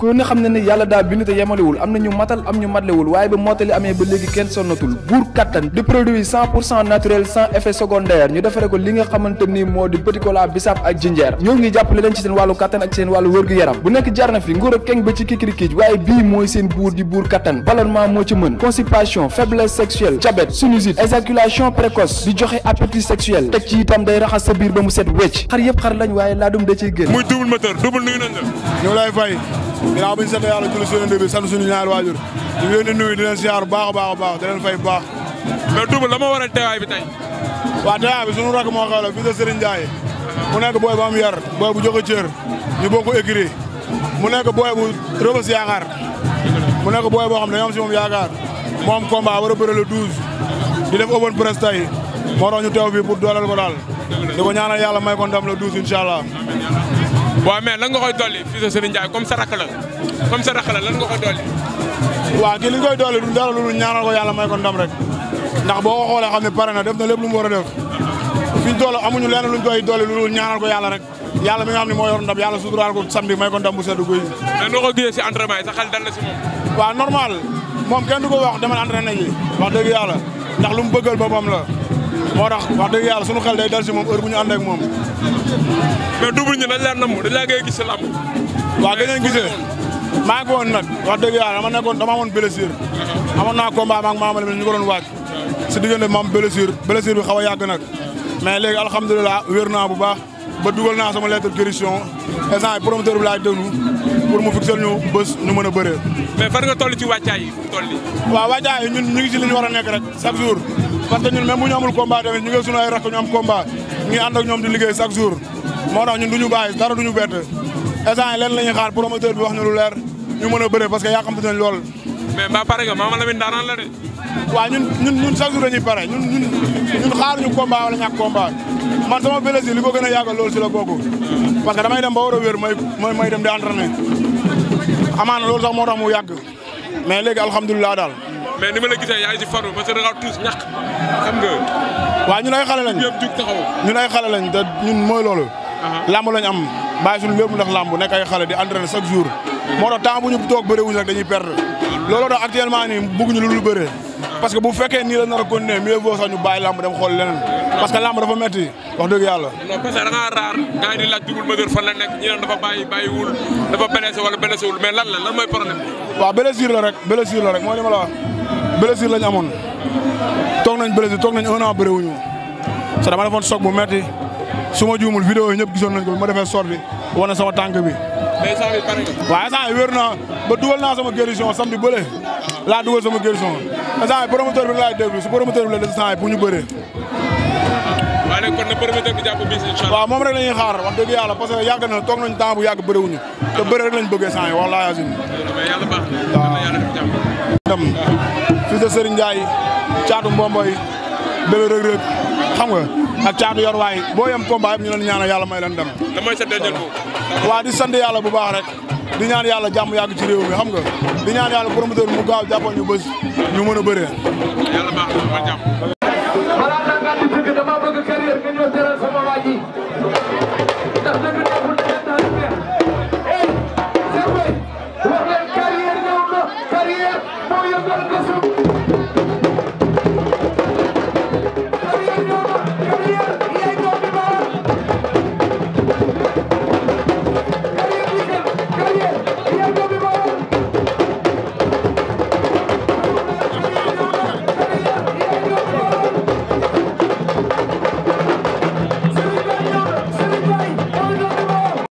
ku ne xam ne ne yàlla daal bindu te yemalewul am na ñu matal am ñu matlewul waaye ba mottali amee ba léegi kenn sonnatul buur kattan di produit cent pour cent naturel sans effet secondaire ñu defare ko li nga xamante ni moo di petit bisaab ak jinjeer ñoo ngi jàppale leen ci seen wàllu kattan ak seen wàllu wërgu-yaram bu nekk jarna fi nguur ak keng ba ci kikirikiij waaye bii mooy seen buur di buur kattan ballonnement moo ci mën constipation faiblesse sexuelle sa biir ba mu set wecc la ginnaaw bi ñu sant yàlla julli suñu bi sant suñu ñaari waajur ñu ngi leen di nuyu di leen siyaar baax baax baax di fay baax mais Double la ma war a teewaay bi tey waaw teewaay bi suñu rakk moo xew la fii de Serigne Ndiaye mu nekk booy bu am yar booy bu joxe cër ñu bokk écrit mu nekk booy bu rëbës yaakaar mu nekk booy boo xam ne dañoo am si moom yaakaar moom combat war a bëre le 12 di def open press tey moo tax teew fii pour dooleel ko daal di ko ñaanal yàlla may ko ndam le allah waaw mais lan nga koy dolli fii sa Serigne Ndiaye comme sa rakk la comme sa rakk la lan nga koy dolli. waaw kii li ñu lu ñaanal ko yàlla may ko ndam rek ndax boo ko xoolee xam ne pare na def na lépp lu mu war a def fi ñu toll amuñu lenn luñ koy dolli lu ñaanal ko yàlla rek yàlla mi nga xam ne moo yor ndam yàlla suturaal ko samedi may ko ndam bu sedd guy. mais noo ko gisee si entraînement xel dal na si moom. waaw normal moom kenn ko wax demal entraîné ji wax dëgg yàlla ndax lu mu bëggal boppam la moo tax wax dëgg yàlla sunu xel day dal si moom heure bu ñu ànd ak mais double ñi dañ laa namm dañ laa koy gis si làmb. waaw dañ leen gisee maa ngi woon nag wax dëgg yàlla dama nekkoon dama amoon blessure. amoon naa combat maag maamale mi ñu ko doon waaj. si diggante bi ma am blessure bi xaw a yàgg nag. mais léegi alhamdulilah wér naa bu baax ba dugal naa sama lettre de guérison instant yi promoteur bi laay déglu mu fixer ñu bés ñu mën a bëree. mais fan nga ci wàccaay yi toll yi. waaw wàccaay yi ñun ñu ngi si li ñu war a nekk rek chaque jour parce que ñun même bu ñu amul combat ñu ànd ñoom di liggéey chaque jour moo tax ñun du ñu bàyyi dara du ñu bett instant yi leen la ñuy xaar bi wax ñu lu leer ñu mën a bëre parce que yàqamti nañ lool. mais ba pare nga Mama Lamine daanaan la de. waaw ñun ñun ñun chaque jour dañuy pare ñun ñun ñun xaaruñu combat wala ñàkk combat man sama blessure li ko gën a yàggal loolu si la bokk. parce que damay dem ba war a wér may may dem di entraîner amaana lool sax moo tax mu yàgg mais léegi alhamdulilah daal. mais ni ma la yaa ngi si faru parce que da ngaa waaw ñun ay xale lañ ñun ay xale lañ te ñun mooy loolu làmb lañ am bàyyi suñu lépp ndax làmb nekk ay xale di entraîner chaque jour moo tax temps bu ñu toog bëre wuñ rek dañuy perdre looloo tax actuellement nii bëgguñu lu dul bëre parce que bu fekkee nii la nar a continuer mieux vaut sax ñu bàyyi làmb dem xool leneen parce que làmb dafa metti wax dëgg yàlla non raar gars yi di laaj double moteur la nekk ñi naan dafa bàyyi bàyyiwul dafa blessé wala blessé wul mais lan la lan mooy problème waaw blessure la amoon toog nañ Brésil toog nañ un an bëré wuñu so dama defoon soog bu metti su ma juumul vidéo yi ñëpp gisoon nañ ko bi ma defee sorti wane sama tànk bi waaw instant yi wér naa ba dugal naa sama guérison samedi bële laa dugal sama guérison instant yi promoteur bi laay déglu su promoteur bi la des instant yi pour ñu bëree waaw na promoteur bi moom rek la ñuy xaar wax dëgg yàlla parce que yàgg na toog nañ temps bu yàgg bëriwuñu te bëri rek lañ bëggee instant yi wallahi azim yàlla fils de Serigne Ndiaye caatu Mbomboy bébé Reug Reug xam nga ak caatu yorwaay boo yem combat yëpp ñu leen ñaanal yàlla may leen dem. lan mooy sa di sant yàlla bu baax rek di ñaan yàlla jàmm yàgg ci réew mi xam nga di ñaan yàlla promoteur mu gaaw jàppoon ñu bës ñu mën a bëree. Thank you.